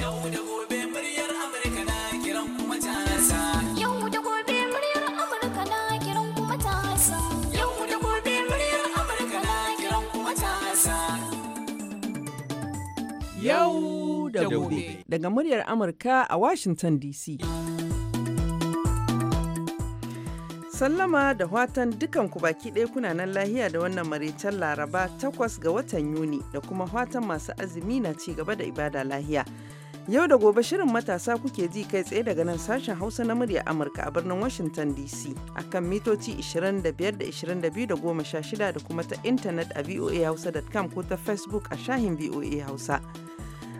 Yau da gobe muryar Amurka Daga muryar Amurka a Washington DC. Sallama da watan dukanku baki ɗaya kuna nan lahiya da wannan maraicen laraba takwas ga watan Yuni da kuma watan masu azumi na ci gaba da ibada lahiya. Yau da gobe shirin matasa kuke ji kai tsaye daga nan sashen Hausa na murya Amurka a birnin Washington DC akan mitoci 25 da 22 da 16 da kuma ta intanet a voahausa.com ko ta Facebook a shahin VOA Hausa.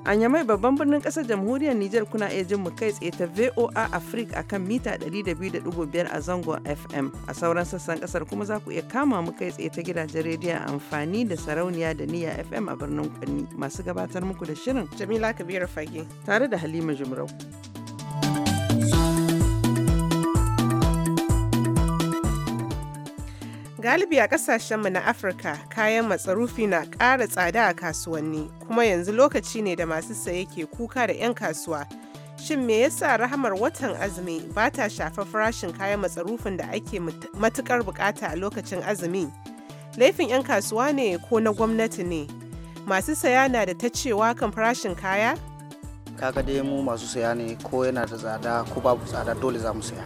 A Nyamai babban birnin ƙasar jamhuriyar Nijar kuna iya jin mu kai tsaye ta VOA Africa akan mita 102.5 a zangon FM. A sauran sassan ƙasar kuma za ku iya kama mu kai tsaye ta gidajen rediyon amfani da sarauniya da niyya FM a birnin Kwanni. Masu gabatar muku da shirin Jamila Kabiru Fage tare da Halima Jumrau. Galibi a kasashenmu na Afirka kayan matsarufi na ƙara tsada a kasuwanni kuma yanzu lokaci ne da masu saye ke kuka da 'yan kasuwa. Shin me yasa rahamar watan azumi ba ta shafa farashin kayan matsarufin da ake matukar bukata a lokacin azumi? Laifin 'yan kasuwa ne ko na gwamnati ne? Masu saya na da ta cewa kan farashin kaya? Kaga dai mu masu saya ne ko yana da tsada ko babu tsada dole za mu saya.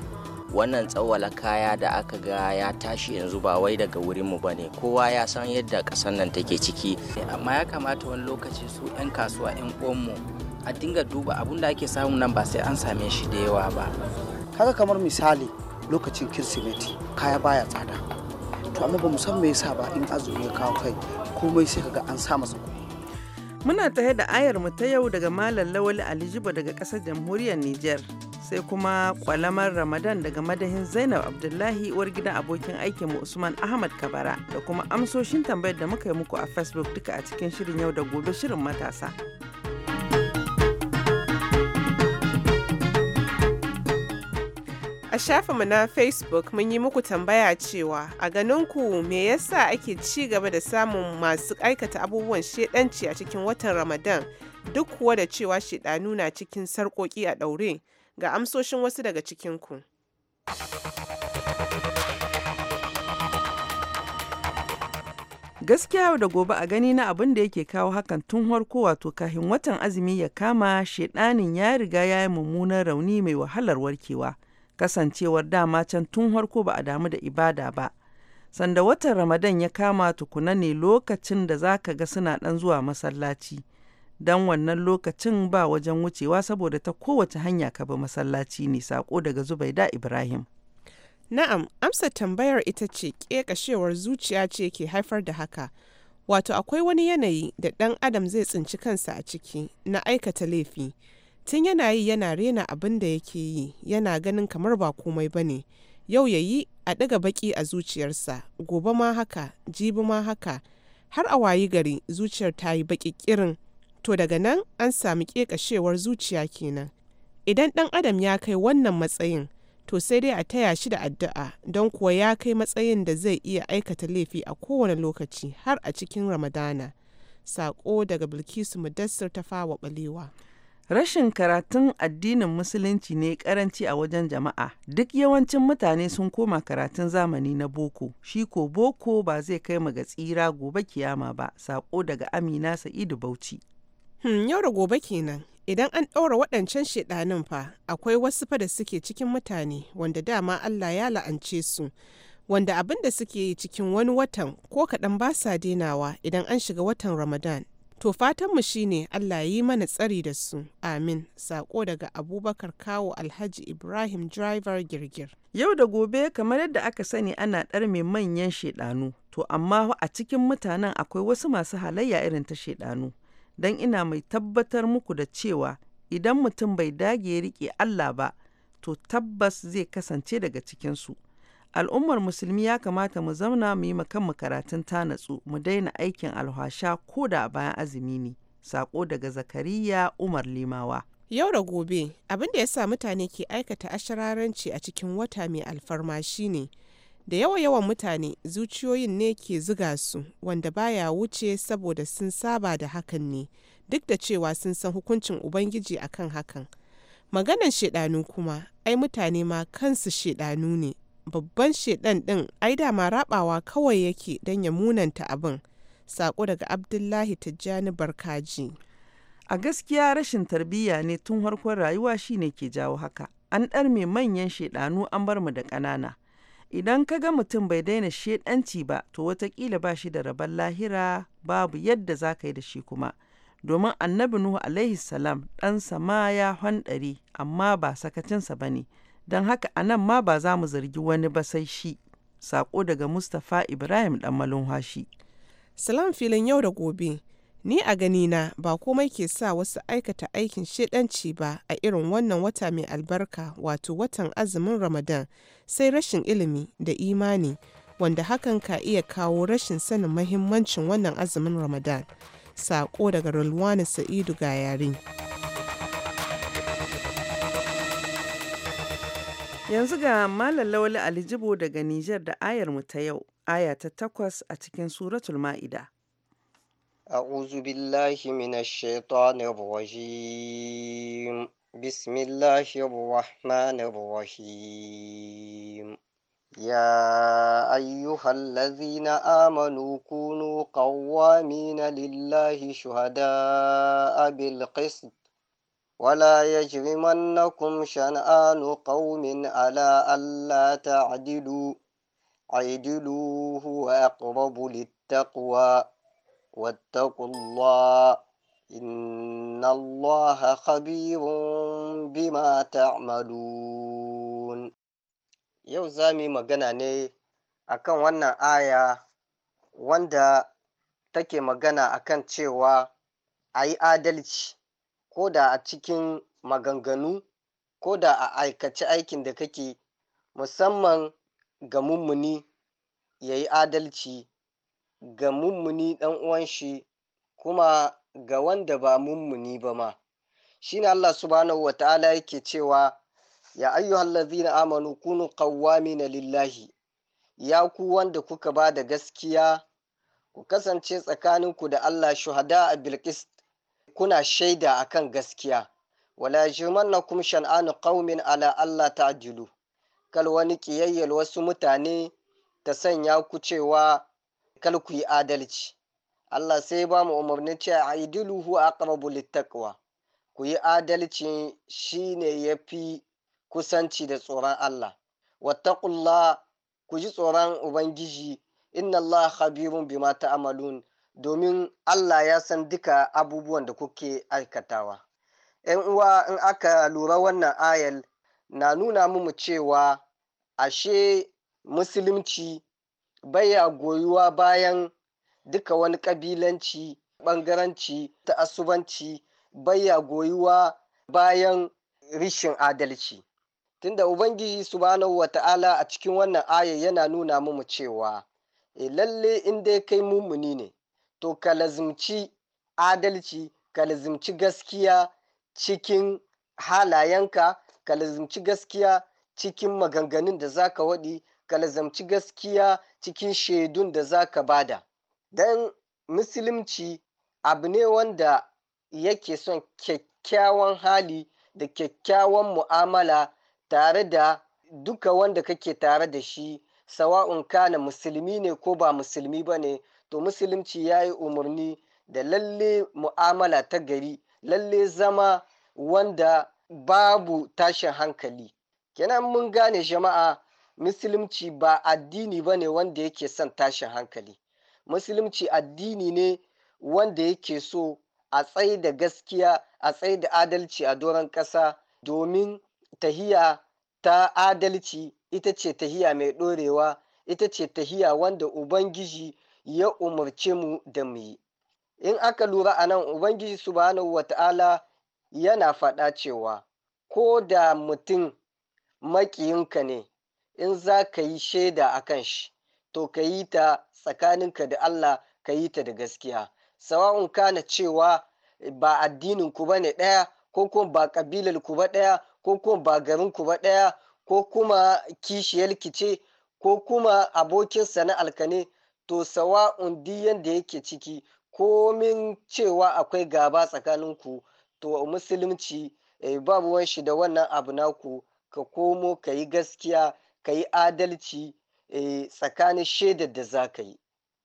wannan tsawala kaya da aka ga ya tashi yanzu ba wai daga wurinmu ba ne kowa ya san yadda ƙasar nan take ciki amma ya kamata wani lokaci su 'yan kasuwa 'yan uwanmu a dinga duba abun da ake samu nan ba sai an same shi da yawa ba kaga kamar misali lokacin kirsimeti kaya baya tsada to amma ba mu san me yasa ba in azumi ya kawo kai komai sai kaga an sa masa Muna tare da ayar mu ta yau daga Malam Lawali alijiba daga kasar jamhuriyar Nijar. sai kuma kwalamar ramadan daga madahin zainab abdullahi uwar gidan abokin aikin mu usman ahmad kabara da kuma amsoshin tambayar da muka yi muku a facebook duka a cikin shirin yau da gobe shirin matasa a mu na facebook mun yi muku tambaya cewa a ganin ku me yasa ake ci gaba da samun masu aikata abubuwan shedanci a cikin watan ramadan duk kuwa da cewa shidanu na cikin sarkoki a ɗaure. ga amsoshin wasu daga cikinku. Gaskiya da gobe a gani na abin da yake kawo hakan tun harko wato kahin watan azumi ya kama shedanin ya riga ya yi mummunan rauni mai wahalar warkewa. Kasancewar dama can tun harko ba a damu da ibada ba. Sanda watan Ramadan ya kama tukuna ne lokacin da za ka ga suna ɗan zuwa masallaci. don wannan lokacin ba wajen wucewa saboda ta kowace hanya ka bi masallaci ne sako daga Zubaida Ibrahim. Na'am, amsa tambayar ita ce ƙeƙashewar zuciya ce ke haifar da haka. Wato akwai wani yanayi da ɗan adam zai tsinci kansa a ciki na aikata laifi. Tun yana yi yana rena abin da yake yi, yana ganin kamar ba komai ba ne. Yau ya yi a ɗaga baƙi a zuciyarsa, gobe ma haka, jibi ma haka, har a wayi gari zuciyar ta yi baƙi ƙirin to daga nan an sami ƙeƙashewar zuciya kenan idan ɗan adam ya kai wannan matsayin to sai dai a taya shi da addu'a don kuwa ya kai matsayin da zai iya aikata laifi a kowane lokaci har a cikin ramadana saƙo daga bilkisu mudassir ta fawa balewa rashin karatun addinin musulunci ne karanci a wajen jama'a duk yawancin mutane sun koma karatun zamani na boko shi ko boko ba zai kai mu ga tsira gobe kiyama ba sako daga amina sa'idu bauchi Hmm, yau da gobe kenan. Idan an ɗaura waɗancan shaɗanin fa, akwai wasu fa da suke cikin mutane wanda dama Allah ya la'ance su, wanda abin da suke yi cikin wani watan ko kaɗan ba sa denawa idan an shiga watan Ramadan. To fatanmu shine Allah yi mana tsari da su. Amin. Sako daga Abubakar Kawo Alhaji Ibrahim Driver Girgir. Yau da gobe kamar yadda aka sani ana ɗar ɗarme manyan shiɗanu, To amma a cikin mutanen akwai wasu masu halayya irin ta shiɗanu. don ina mai tabbatar muku da cewa idan mutum bai dage ya riƙe Allah ba, to tabbas zai kasance daga cikinsu. Al'ummar musulmi ya kamata mu zauna mu yi kanmu karatun ta natsu, mu daina aikin alhasha ko da bayan azumi ne. Sako daga Zakariya Umar Limawa. Yau da gobe, abin da ya sa mutane ke aikata ashararanci a cikin wata mai alfarma shine ne. da yawa yawan mutane zuciyoyin ne ke zuga su wanda baya wuce saboda sun saba da hakan ne duk da cewa sun san hukuncin ubangiji akan hakan maganan shaidanu kuma ai mutane ma kansu shaidanu ne babban shaidan din ai dama rabawa kawai yake don ya munanta abin sako daga abdullahi tijjani barkaji a gaskiya rashin tarbiyya ne tun harkon rayuwa shine ke jawo haka an ɗarme manyan shaidanu an bar mu da ƙanana Idan ka ga mutum bai daina shedanci ba, to wataƙila ba shi da rabar lahira babu yadda za ka yi da shi kuma. Domin annabi Nuhu alaihi salam ɗansa ma ya hanɗari amma ba sakacinsa ba ne. Don haka a nan ma ba za mu zargi wani ba sai shi. Sako daga Mustapha Ibrahim ɗan hashi Salam filin yau da gobe. Ni a ganina ba komai ke sa wasu aikata aikin shedanci ba a irin wannan wata mai albarka wato watan azumin Ramadan sai rashin ilimi da imani wanda hakan ka iya kawo rashin sanin mahimmancin wannan azumin Ramadan. Sako daga Rulwani Sa'idu ga yare. Yanzu ga Malam Lawali Alijibo daga Nijar da ayar mu ta yau, aya ta takwas a cikin Suratul Ma'ida. أعوذ بالله من الشيطان الرجيم بسم الله الرحمن الرحيم يا أيها الذين آمنوا كونوا قوامين لله شهداء بالقسط ولا يجرمنكم شنآن قوم على ألا تعدلوا عدلوا هو أقرب للتقوى واتقوا الله إن الله خبير بما yau za mu yi magana ne akan wannan aya wanda take magana akan cewa ayi adalci ko da a cikin maganganu ko da a aikace aikin da kake musamman ga mummuni ya yi adalci ga mummuni ɗan uwan shi kuma ga wanda ba mummuni ba ma Shi ne Allah subhanahu ta'ala yake cewa ya ayyuhallazina amanu kunu na lillahi ya ku wanda kuka ba da gaskiya ku kasance tsakaninku da Allah shuhada a bilqist kuna shaida akan gaskiya wala yajrimannakum shan'anu qaumin ala Allah ta'dilu kal wani kiyayyal wasu mutane ta sanya ku cewa Kar ku yi adalci Allah sai ba mu umarni cewa a aqrabu littaqwa ku yi adalci shi ne ya fi kusanci da tsoron Allah Wataƙulla, ku ji tsoron ubangiji inna Allah bi bima amalun domin Allah ya san duka abubuwan da kuke aikatawa ‘yan uwa in aka lura wannan ayal na nuna mu cewa ashe musulunci baya goyuwa bayan duka wani kabilanci bangaranci asubanci baya goyuwa bayan rishin adalci tunda ubangiji subhanahu wata'ala a cikin wannan aya yana nuna mu cewa e lalle in dai kai mummuni ne to ka lazimci adalci ka lazimci gaskiya cikin halayenka ka lazimci gaskiya cikin maganganun da zaka waɗi ka lazamci gaskiya cikin shaidun da za ka bada don musulunci abu ne wanda yake son kyakkyawan hali da kyakkyawan mu'amala tare da duka wanda kake tare da shi sawa'un kana musulmi ne ko ba musulmi ba ne to musulunci ya yi umarni da lalle mu'amala ta gari lalle zama wanda babu tashin hankali kenan mun gane jama'a musulunci ba addini ba ne wanda yake son tashin hankali musulunci addini ne wanda yake so a tsaye da gaskiya a tsaye da adalci a doron ƙasa domin tahiya ta adalci ita ce tahiya mai ɗorewa ita ce tahiya wanda ubangiji ya umarce mu da mu yi in aka lura a nan ubangiji subhanahu wata'ala yana faɗa cewa ko da mutum maƙiyinka ne in za ka yi shaida a kan shi to ka yi ta tsakaninka da Allah ka yi ta da gaskiya sawa'un kana cewa ba addinin ku bane ɗaya ko kuma ba ƙabilar ku ba ɗaya ko kuma ba garin ku ba ɗaya ko kuma kishiyar ce ko kuma abokin sana'arka ne to sawa'un duk yanda yake ciki komin cewa akwai gaba tsakanin ku to musulunci eh, babu wanshi da wannan abu naku ka komo ka yi gaskiya ka yi adalci eh, tsakanin shaidar da za ka yi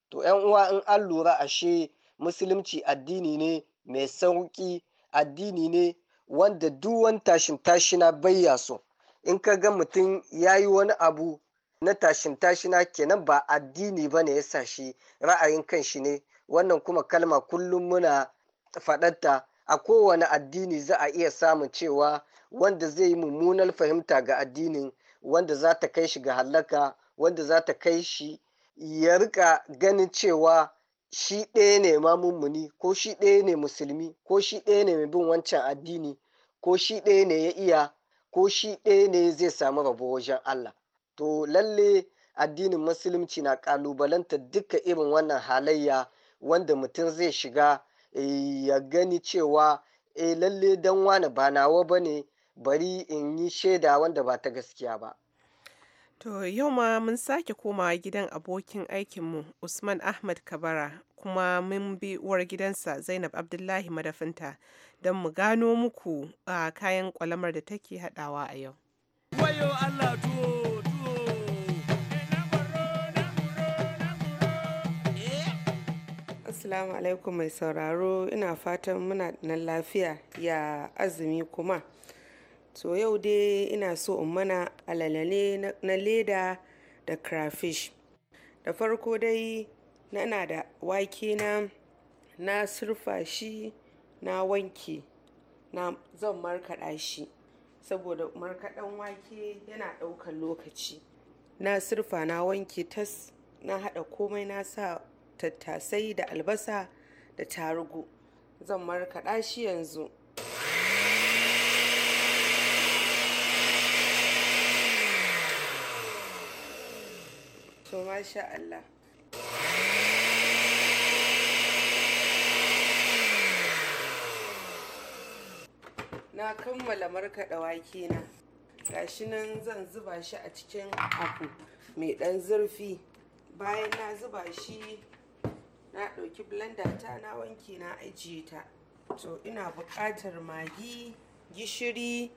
to yan uwa in an lura ashe musulunci addini ne mai sauƙi addini ne wanda duwan tashin tashina bayya so in ka ga mutum ya yi wani abu na tashin tashina kenan ba addini ba ne ya sa shi ra'ayin kan shi ne wannan kuma kalma kullum muna faɗarta a kowane addini za a iya samun cewa wanda zai yi mummunar fahimta ga addinin wanda za ta kai shi ga hallaka wanda za ta kai shi ya rika ganin cewa shi ɗaya ne ma mummuni ko shi ɗaya ne musulmi ko shi ɗaya ne mai bin wancan addini ko shi ɗaya ne ya iya ko shi ɗaya ne zai samu rabo wajen Allah to lalle addinin musulunci na kalubalanta duka irin wannan halayya wanda mutum zai shiga eh, ya gani cewa e lalle dan wani ba nawa ba ne bari in yi shaida wanda ba ta gaskiya ba. To yau ma mun sake komawa gidan abokin aikinmu Usman Ahmad Kabara kuma mun bi uwar gidansa Zainab Abdullahi madafinta don mu gano muku a kayan kwalamar da take haɗawa a yau. Asalamu alaikum mai sauraro ina fatan muna nan lafiya ya azumi kuma. so yau dai ina so in mana alalale na leda da crayfish da farko dai na da wake na na surfa shi na wanke na zan markaɗa shi saboda markaɗan wake yana ɗaukar lokaci na surfa na wanke tas na haɗa komai na sa tattasai da albasa da tarugu zan markaɗa shi yanzu to masha Allah na kammala markaɗa wake na gashi nan zan zuba shi a cikin abu mai ɗan zurfi bayan na zuba shi na ɗauki blender ta na wanke na ajiye ta to ina buƙatar magi gishiri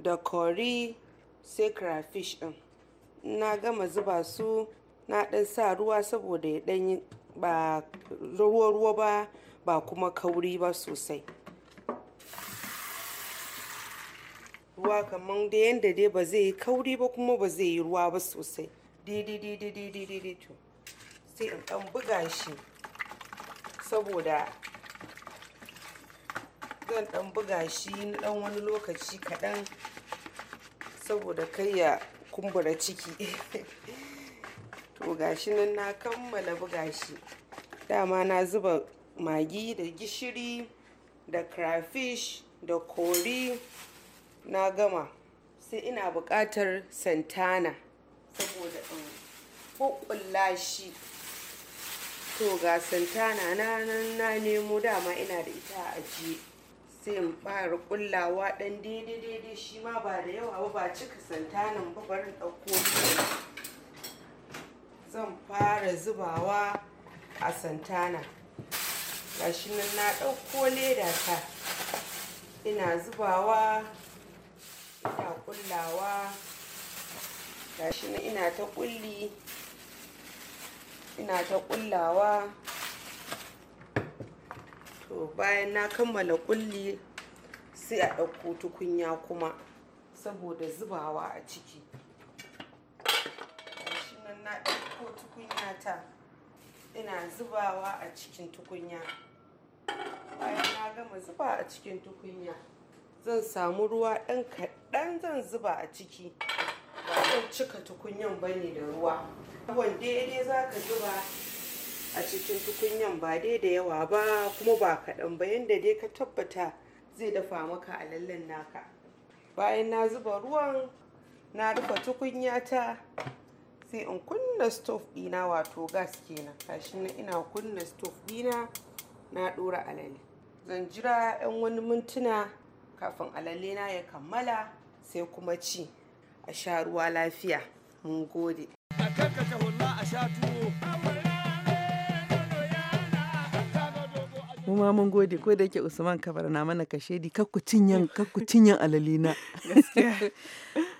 da kori sai crayfish ɗin na gama zuba su na ɗan sa ruwa saboda ya ɗan ba ruwa-ruwa ba ba kuma kauri ba sosai ruwa kamar da yadda dai ba zai yi kauri ba kuma ba zai yi ruwa ba sosai daidai to sai in ɗan buga shi saboda zan ɗan buga shi na ɗan wani lokaci kaɗan saboda kai ya kumbura ciki to gashi nan na kammala buga shi dama na zuba magi da gishiri da crayfish da kori na gama sai ina buƙatar santana saboda ɗan kukkulla shi to ga santana na nan na nemo dama ina da ita a ajiye sai in fara kullawa ɗan daidai daidai shi ma ba da yawa ba cika santanan ba barin ɗauko zan fara zubawa a santana gashi nan na ɗauko leda ta ina zubawa ina kullawa gashi nan ina ta kulli ina ta kullawa to bayan na kammala kulli sai a ɗauko tukunya kuma saboda zubawa a ciki ta ina zubawa a cikin tukunya bayan na gama zuba a cikin tukunya zan samu ruwa ɗan kaɗan zan zuba a ciki ba zan cika tukunyan ba ne da ruwa abuwan daidai za ka zuba a cikin tukunyan ba dai da yawa ba kuma ba kaɗan ba yadda dai ka tabbata zai dafa maka a lallen naka bayan na zuba ruwan na rufe tukunya ta sai in kunna stove dina wato gas kenan kashi na ina kunna stove dina na ɗora alale zan jira 'yan wani mintuna kafin alale na ya kammala sai kuma ci a sha ruwa lafiya mun gode mu ma mun gode ko da yake Usman kabar na mana kashe di kakku cinyan kakku alalina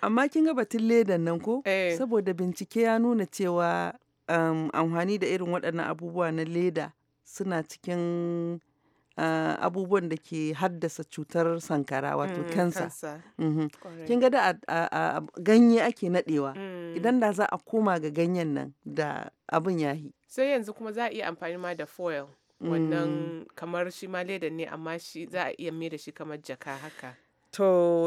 Amma kin ga batun ledan nan ko? Eh. Saboda bincike ya nuna cewa um, amfani da irin waɗannan abubuwa na leda suna cikin uh, abubuwan da ke haddasa cutar sankara wato kansa. Mm, mm-hmm. Kin ga da ganye ake naɗewa. Mm. Idan da za a koma ga ganyen nan da abin ya yi. Sai yanzu kuma za a iya amfani ma da foil. Wannan mm. kamar shi ma ledan ne amma shi za a iya mai da shi kamar jaka haka. To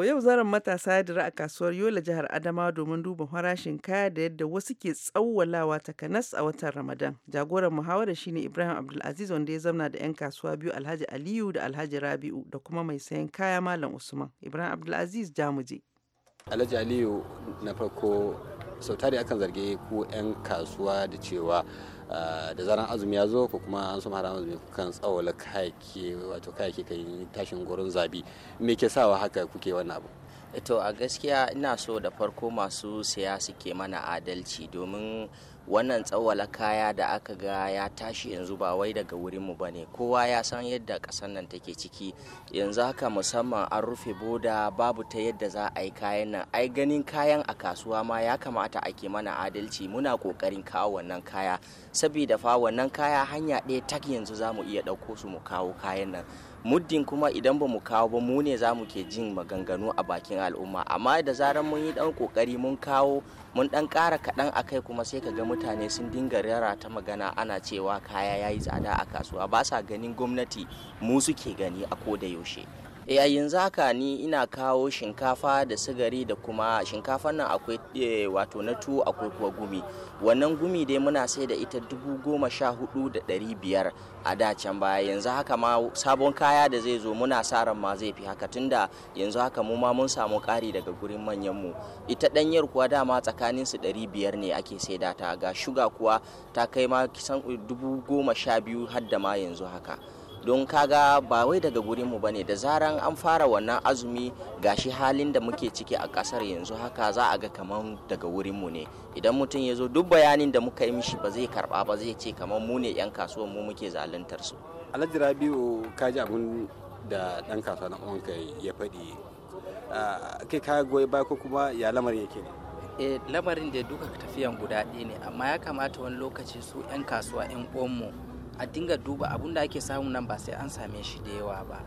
yau zaren matasa ya dira a kasuwar Yola jihar adama domin duba farashin kaya da yadda wasu ke tsawwalawa takanas a watan Ramadan. Jagoran muhawarar shine Ibrahim Abdulaziz wanda ya zamna da 'yan kasuwa biyu Alhaji Aliyu da Alhaji Rabi'u da kuma mai sayan kaya Malam Usman. Ibrahim Abdulaziz Jamuje. Alhaji Aliyu na farko sautari akan zarge ku 'yan kasuwa da cewa Eh, da zaran azumi ya zo ko kuma an suma haram azumi kan tsawala kayake wato kayake kan tashin gurin zabi me ke sawa haka kuke wannan abu to a gaskiya ina so da farko masu siya suke mana adalci domin wannan tsawala kaya da aka ga ya tashi yanzu ba wai daga wurinmu ba ne kowa ya san yadda ƙasar nan take ciki yanzu haka musamman an rufe boda babu ta yadda za a yi kayan nan ai ganin kayan a kasuwa ma ya kamata ake mana adalci muna ƙoƙarin kawo wannan kaya saboda fa wannan kaya hanya ɗaya tak yanzu za mu iya ɗauko su mu kawo kayan nan muddin kuma idan ba mu kawo ba mu ne za mu ke jin maganganu a bakin al'umma amma da zarar mun yi dan kokari mun kawo mun dan kara kaɗan a kai kuma sai ka ga mutane sun dinga rara ta magana ana cewa kaya ya yi tsada a kasuwa ba sa ganin gwamnati mu suke gani a ko da yaushe eh yanzu haka ni ina kawo shinkafa da sigari da kuma shinkafa nan akwai eh, wato na tuwo akwai kuwa gumi wannan gumi dai muna sai da ita dubu goma sha hudu da dari biyar a dacen baya yanzu haka ma sabon kaya da zai zo muna sa ran ma zai fi haka tunda yanzu haka mu ma mun samu ƙari daga gurin manyan mu ita ɗanyar kuwa dama tsakanin su dari biyar ne ake sai ta ga shuga kuwa ta kai ma kisan dubu goma sha biyu har da ma yanzu haka don kaga ba wai daga gurinmu ba ne da zaran an fara wannan azumi gashi halin da muke ciki a kasar yanzu haka za a ga kamar daga wurinmu ne idan mutum ya zo duk bayanin da muka yi mishi ba zai karba ba zai ce kamar mu ne 'yan kasuwan mu muke zaluntar su alhaji rabiu ka ji abin da dan kasuwa na uwanka ya faɗi ah, kai ka goyi ba ko kuma ya lamarin yake ne e lamarin da duka tafiyan guda ɗaya ne amma ya kamata wani lokaci su 'yan kasuwa 'yan uwanmu a dinga duba abun da ake samu nan ba sai an same shi da yawa ba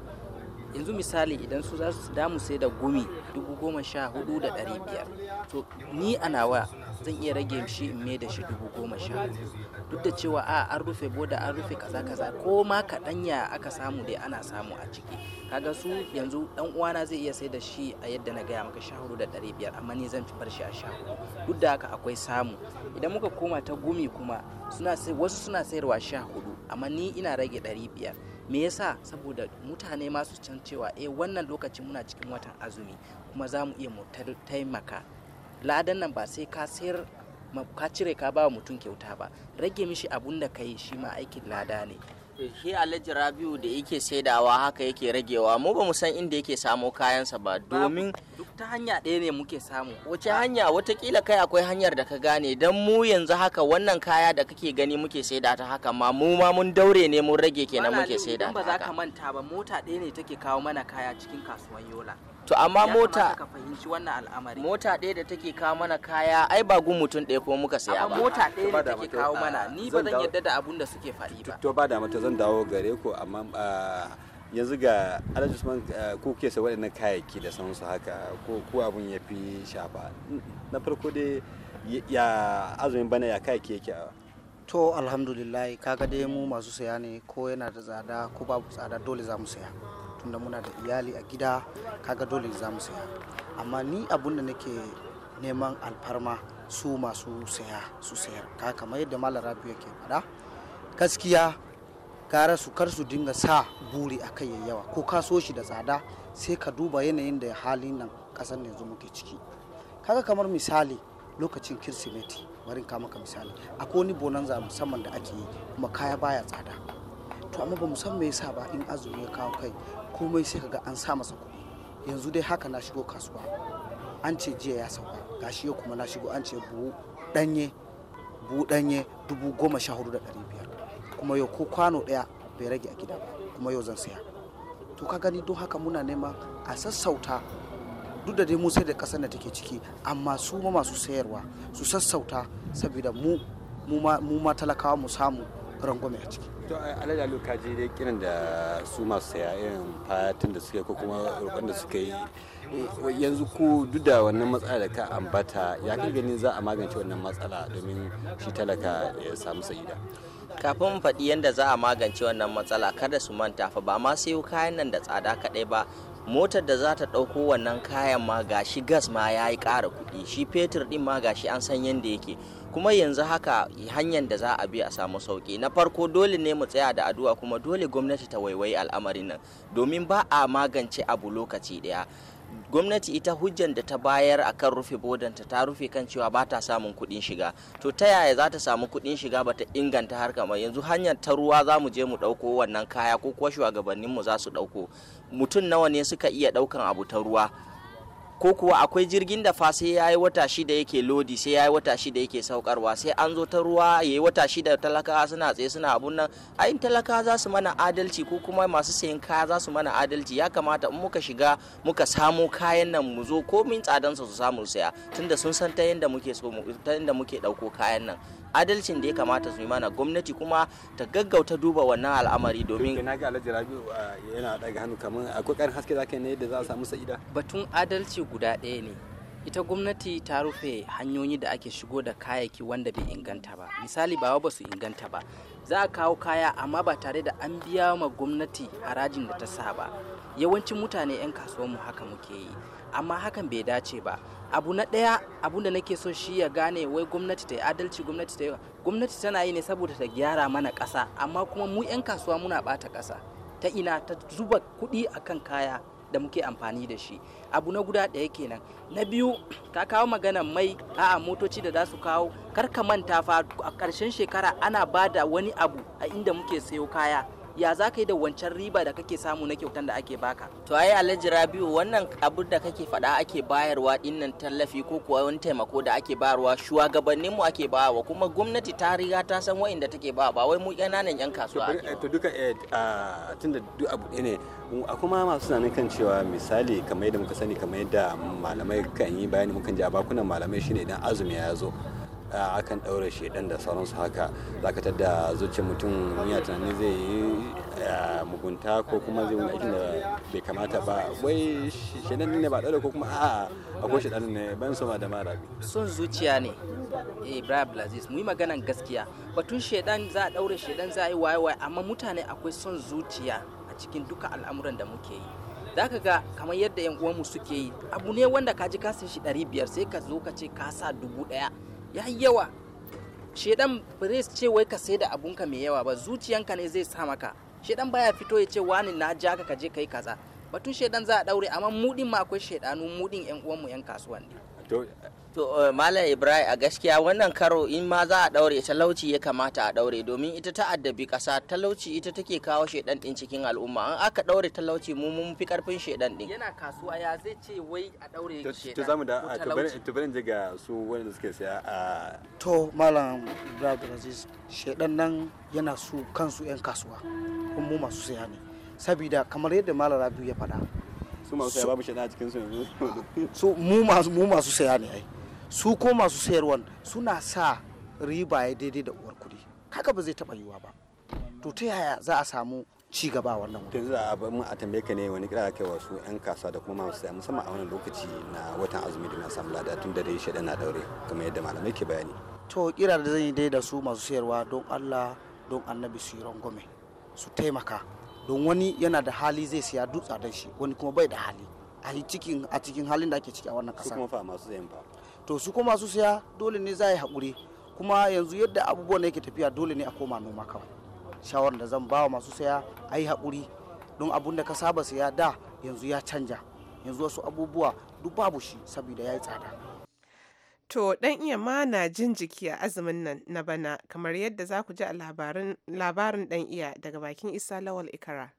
yanzu misali idan su za su damu sai da gumi dubu goma sha hudu da ɗari biyar to ni a nawa zan iya rage shi in mai da shi dubu goma sha duk da cewa a an rufe boda an rufe kaza kaza ko ma kaɗan ya aka samu dai ana samu a ciki kaga su yanzu dan uwana zai iya sai da shi a yadda na gaya maka sha hudu da ɗari biyar amma ni zan fi bar shi a sha hudu duk da haka akwai samu idan muka koma ta gumi kuma suna wasu suna sayarwa sha hudu amma ni ina rage ɗari biyar me yasa saboda mutane masu can cewa eh wannan lokacin muna cikin watan azumi kuma za mu iya mu taimaka ladan nan ba sai ka sayar ka cire ka ba mutum kyauta ba rage mishi abun da ka yi shi ma aikin lada ne shi alhaji rabiu da yake saidawa haka yake ragewa mu ba mu san inda yake samo kayansa ba domin duk ta hanya ɗaya ne muke samu wace hanya watakila kai akwai hanyar da ka gane don mu yanzu haka wannan kaya da kake gani muke saida ta haka ma mu ma mun daure ne mun rage kenan muke saida ta haka ba za ka manta ba mota ɗaya ne take kawo mana kaya cikin kasuwan yola to amma mota mota ɗaya da take kawo mana kaya ai ba gun mutum ɗaya ko muka saya ba mota ɗaya da take kawo mana ni ba zan yadda da abun da suke faɗi ba to ba da mata zan dawo gare ku amma yanzu ga alhaji usman ku ke sai waɗannan kayayyaki da sansu haka ko ko abun ya fi shafa na farko dai ya azumin bana ya kayayyaki yake to alhamdulillah kaga dai mu masu saya ne ko yana da tsada ko babu tsada dole za mu saya tunda muna da iyali a gida kaga dole za mu saya amma ni abun da nake neman alfarma su masu saya su sayar ka kamar yadda malam rabi yake faɗa gaskiya gara su kar su dinga sa buri a kai yawa ko ka so shi da tsada sai ka duba yanayin da halin nan ƙasar yanzu muke ciki kaga kamar misali lokacin kirsimeti warin ka maka misali akwai wani bonanza musamman da ake yi kuma kaya baya tsada to amma ba mu san me yasa ba in azumi ya kawo kai komai sai kaga an sa masa kuɗi yanzu dai haka na shigo kasuwa an ce jiya ya sauka gashi ya kuma na shigo an ce buhu danye buhu danye dubu goma sha hudu da ɗari biyar kuma yau ko kwano ɗaya bai rage a gida ba kuma yau zan saya to ka gani don haka muna nema a sassauta duk da dai mu sai da ƙasar da take ciki amma su ma masu sayarwa su sassauta saboda mu mu ma talakawa mu samu rangwame a ciki. To a ka dai kiran da su masu saya irin fatin da suka yi ko kuma roƙon da suka yi yanzu ku duk da wannan matsala da ka ambata ya kai ganin za a magance wannan matsala domin shi talaka ya samu sa'ida. Kafin faɗi yadda za a magance wannan matsala kada su manta fa ba ma sayo kayan nan da tsada kaɗai ba motar da za ta ɗauko wannan kayan ma gashi gas ma ya yi ƙara kuɗi shi fetur ɗin ma gashi an san yadda yake kuma yanzu haka hanyar da za a bi a samu sauƙi na farko dole ne mu tsaya da addu'a kuma dole gwamnati ta waiwayi al'amarin nan domin ba a magance abu lokaci ɗaya gwamnati ita hujjan da ta bayar a kan rufe bodanta ta rufe kan cewa ba ta samun kuɗin shiga to ta yaya za ta samu kuɗin shiga ba ta inganta harka ba yanzu hanyar ta ruwa za mu je mu ɗauko wannan kaya ko kuwa shugabanninmu za su ɗauko mutum nawa ne suka iya ɗaukan abu ta ruwa ko kuwa akwai jirgin da fa sai yayi wata shida yake lodi sai yayi wata shida yake saukarwa sai an zo ta ruwa yayi wata shida talaka suna tsaye suna abun nan ayin talakawa za su mana adalci ko kuma masu sayan kaya za su mana adalci ya kamata in muka shiga muka samo kayan nan mu zo komin tsadansa su samu saya tunda sun san ta yanda muke so muke dauko kayan nan adalcin da ya kamata su yi mana gwamnati kuma ta gaggauta duba wannan al'amari domin na ga alhaji rabiu uh, yana daga hannu kamar akwai karin haske zaka ne da za a samu sa'ida batun adalci guda ɗaya ne ita gwamnati ta rufe hanyoyi da ake shigo da kayayyaki wanda bai inganta ba misali ba ba su inganta ba za a kawo kaya amma ba tare da an biya ma gwamnati harajin da ta sa ba yawancin mutane 'yan mu haka muke yi amma hakan bai dace ba abu na ɗaya abu da nake so shi ya gane wai gwamnati ta yi adalci gwamnati ta yi gwamnati tana yi ne saboda ta gyara mana kasa amma kuma mu 'yan kasuwa muna bata kasa ta ina ta zuba kuɗi akan kaya da muke amfani da shi abu na guda ɗaya kenan na biyu ka kawo magana mai a'a motoci da za su kawo kar ka manta fa a ƙarshen shekara ana ba da wani abu a inda muke sayo kaya ya za ka yi da wancan riba da kake samu na kyautan da ake baka to ai alhaji rabiu wannan abu da kake faɗa ake bayarwa dinnan tallafi ko kuwa wani taimako da ake bayarwa shugabannin mu ake bawa kuma gwamnati ta riga ta san wa'inda take bawa ba wai mu ƙananan yan kasuwa ake to duka eh, ah, tunda duk abu ne a kuma masu tunanin kan cewa misali kamar yadda muka sani kamar yadda malamai kan yi bayani mukan ji a bakunan malamai shine idan azumi ya zo akan ɗaure ɗan da sauransu haka za ka tadda zuciyar mutum yana tunanin zai yi mugunta ko kuma zai wani aikin da bai kamata ba wai nan ne ba ɗaure ko kuma a'a akwai ɗan ne ban soma da mara son zuciya ne eh, ibrahim blaziz mu yi maganan gaskiya batun shedan za a ɗaure shedan za a yi waye-waye amma mutane akwai son zuciya a cikin duka al'amuran da muke yi za ka ga kamar yadda 'yan uwanmu suke yi abu ne wanda ka ji kasin shi 500 sai ka zo ka ce ka sa dubu ɗaya ya yi yawa shedan ba ce wai ka sai da abunka mai yawa ba zuciyanka ne zai sa maka shedan baya fito ya ce wani na ja ka je kai kaza batun shedan za a daure amma mudin ma akwai shedanu mudin yan uwanmu yan kasuwan ne to To eh, Malam Ibrahim a gaskiya wannan karo in ma za a daure talauci ya kamata a daure domin ita ta addabi kasa talauci ita take kawo shedan din cikin al'umma an aka daure talauci mu mun fi karfin shedan din. Yana kasuwa ya zai ce wai a daure shedan. To zamu da to bari je ga su wanda suke siya a to Malam Ibrahim Aziz shedan nan yana su kansu yan kasuwa kuma mu masu siya ne sabida kamar yadda Malam Rabiu ya faɗa su masu siya babu shedan a cikin su yanzu. Su mu masu siya ne ai. su ko masu sayarwan suna sa riba ya daidai da uwar kuɗi haka ba zai taɓa yiwa ba to ta yaya za a samu ci gaba wannan wata. Yanzu a mu a tambaye ka ne wani kira kai wasu 'yan kasuwa da kuma masu saya musamman a wannan lokaci na watan azumi da na samu lada tun da dai shaɗa na daure kamar yadda malamai ke bayani. To kira da zan yi dai da su masu sayarwa don Allah don annabi su yi rangwame su taimaka don wani yana da hali zai siya dutsa da shi wani kuma bai da hali a cikin halin da ake ciki a wannan kasa. Su kuma fa masu sayan fa. to su kuma su siya dole ne za a yi haƙuri kuma yanzu yadda abubuwan yake tafiya dole ne a koma noma kawai shawarar da zan ba wa masu saya a yi haƙuri don abun da ka saba saya da yanzu ya canja yanzu wasu abubuwa duk babu shi saboda ya yi tsada To dan iya ma na jin jiki a azumin nan na bana kamar yadda za ku ji a labarin dan iya daga bakin Isa Lawal Ikara.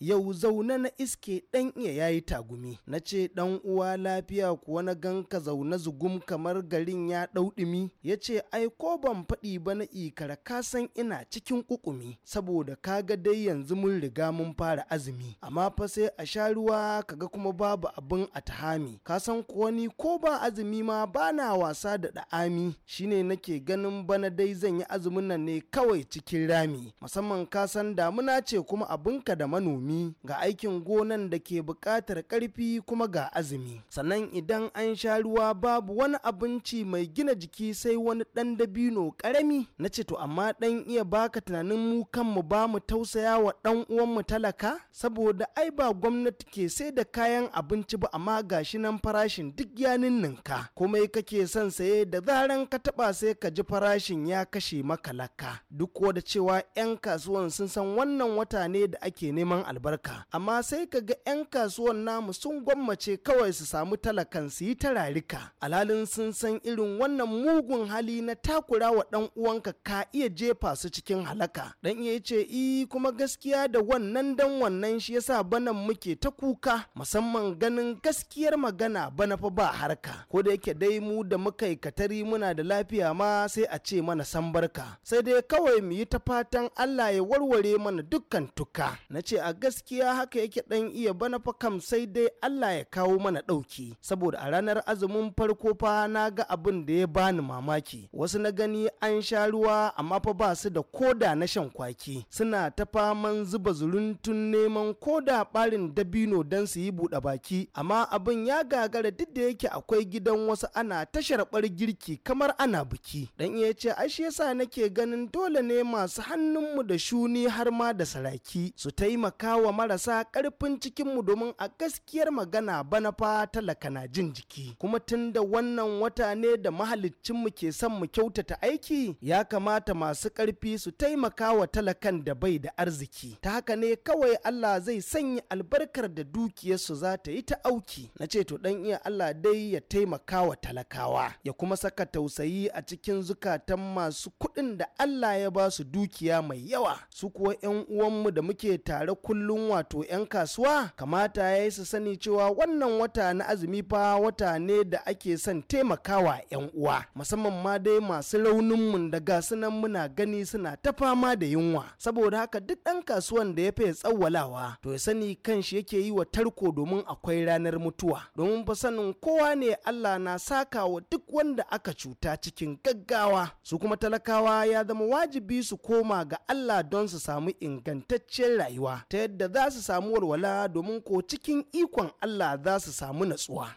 yau zaune na iske ɗan iya yayi tagumi na ce ɗan uwa lafiya kuwa na ka zaune zugum kamar garin ya ɗauɗimi ya ce ai ko ban faɗi ba na ikara ka san ina cikin ƙuƙumi saboda ka ga dai yanzu mun riga mun fara azumi amma fa sai a sha ruwa ka ga kuma babu abin a tahami ka san kuwa ni ko ba azumi ma ba na wasa da da'ami shine nake ganin bana dai zan yi azumin nan ne kawai cikin rami musamman ka san damuna ce kuma abinka da manomi ilimi ga aikin gonan da ke buƙatar ƙarfi kuma ga azumi sannan idan an sha ruwa babu wani abinci mai gina jiki sai wani ɗan dabino ƙarami na ce to amma ɗan iya baka tunanin mu kanmu ba mu tausaya wa ɗan uwanmu talaka saboda ai ba gwamnati ke sai da kayan abinci ba amma gashi nan farashin duk ya ninninka komai kake son saye da zaran ka taɓa sai ka ji farashin ya kashe maka laka duk da cewa 'yan kasuwan sun san wannan wata ne da ake neman al albarka amma sai ka ga 'yan kasuwan namu sun gwammace kawai su samu talakan su yi rarika alhalin sun san irin wannan mugun hali na takura wa dan uwanka ka iya jefa su cikin halaka dan iya ce i eh, kuma gaskiya da wannan dan wannan shi yasa banan muke ta kuka musamman ganin gaskiyar magana bana fa ba harka ko da yake dai mu da muka katari muna da lafiya ma sai a ce mana san barka sai dai kawai mu yi ta fatan Allah ya warware mana dukkan tuka na ce a gaskiya haka yake dan iya bana fa kam sai dai Allah ya kawo mana ɗauki saboda a ranar azumin farko fa na ga abin da ya bani mamaki wasu na gani an sha ruwa amma fa ba su da koda na shan kwaki suna ta faman zuba zuruntun neman koda ɓarin dabino don su yi buɗe baki amma abin ya gagara duk da yake akwai gidan wasu ana ta sharɓar girki kamar ana biki dan iya ce ai yasa nake ganin dole ne masu hannunmu da shuni har ma da saraki su taimaka wa marasa ƙarfin cikinmu domin a gaskiyar magana bana fa talaka na jin jiki kuma tun da wannan wata ne da mahaliccinmu ke son mu kyautata aiki ya kamata masu ƙarfi su taimaka wa talakan da bai da arziki ta haka ne kawai Allah zai sanya albarkar da dukiyarsu za ta yi ta auki na ce to dan iya Allah dai ya taimaka wa talakawa ya kuma saka tausayi a cikin zukatan masu kuɗin da Allah ya ba su dukiya mai yawa su kuwa 'yan uwanmu da muke tare kullum kullum wato 'yan kasuwa kamata ya yi su sani cewa wannan wata na azumi fa wata ne da ake son taimakawa 'yan uwa musamman ma dai masu raunin mun da gasu nan muna gani suna ta fama da yunwa saboda haka duk ɗan kasuwan da ya fi tsawwalawa to ya sani shi yake yi wa tarko domin akwai ranar mutuwa domin fa sanin kowa ne Allah na saka wa duk wanda aka cuta cikin gaggawa su kuma talakawa ya zama wajibi su koma ga Allah don su samu ingantaccen rayuwa ta yadda yadda za su samu walwala domin ko cikin ikon Allah za su samu natsuwa.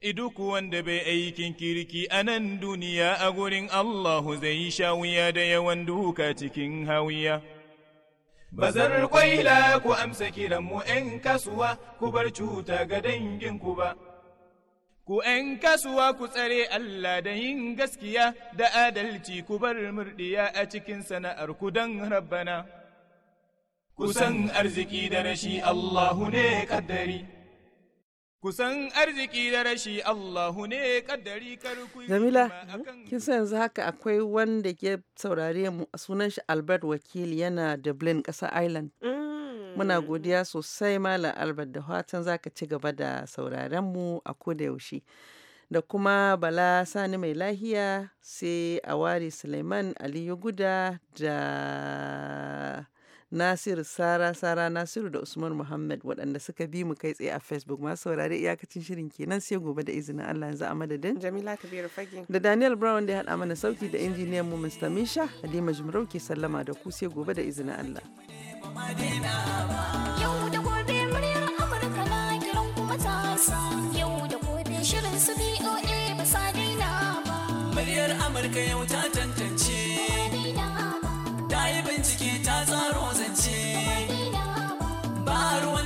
Iduku wanda bai aikin kirki a nan duniya a gurin Allahu zai yi shawiya da yawan duka cikin hawiya. Bazar kwaila ku amsa kiranmu ‘yan kasuwa ku bar cuta ga danginku ba. Ku ‘yan kasuwa ku tsare Allah da yin gaskiya da adalci ku bar murdiya a cikin sana'ar ku don rabbana. kusan arziki da rashi Allahu ne kaddari. Kusan arziki da rashi Allahu ne kaddari karku Jamila, kin san yanzu haka akwai wanda ke saurare mu sunan shi Albert Wakil yana Dublin ƙasar Ireland. Mm. Muna godiya sosai Malam Albert da fatan zaka ci gaba da sauraren mu a koda yaushe. da kuma bala sani mai lahiya sai a awari suleiman aliyu guda da Nasiru Sara Sara Nasiru da Usman Muhammad waɗanda suka bi mu kai tsaye a Facebook masu saurare iyakacin shirin kenan sai gobe da izinin Allah yanzu a madadin. Jamila Kabiru Fagin. Da Daniel Brown da ya haɗa mana sauti da injiniyan mu Mr. Misha Halima Jumrau ke sallama da ku sai gobe da izinin Allah. Yau da gobe muryar Amurka na kiran kuma ta yau da gobe shirin su BOA ba sa daina ba. Muryar Amurka yau ta tantance.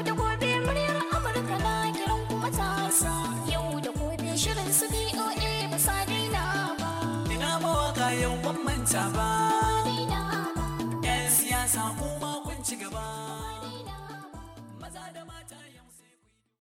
Mucho por bienvenido.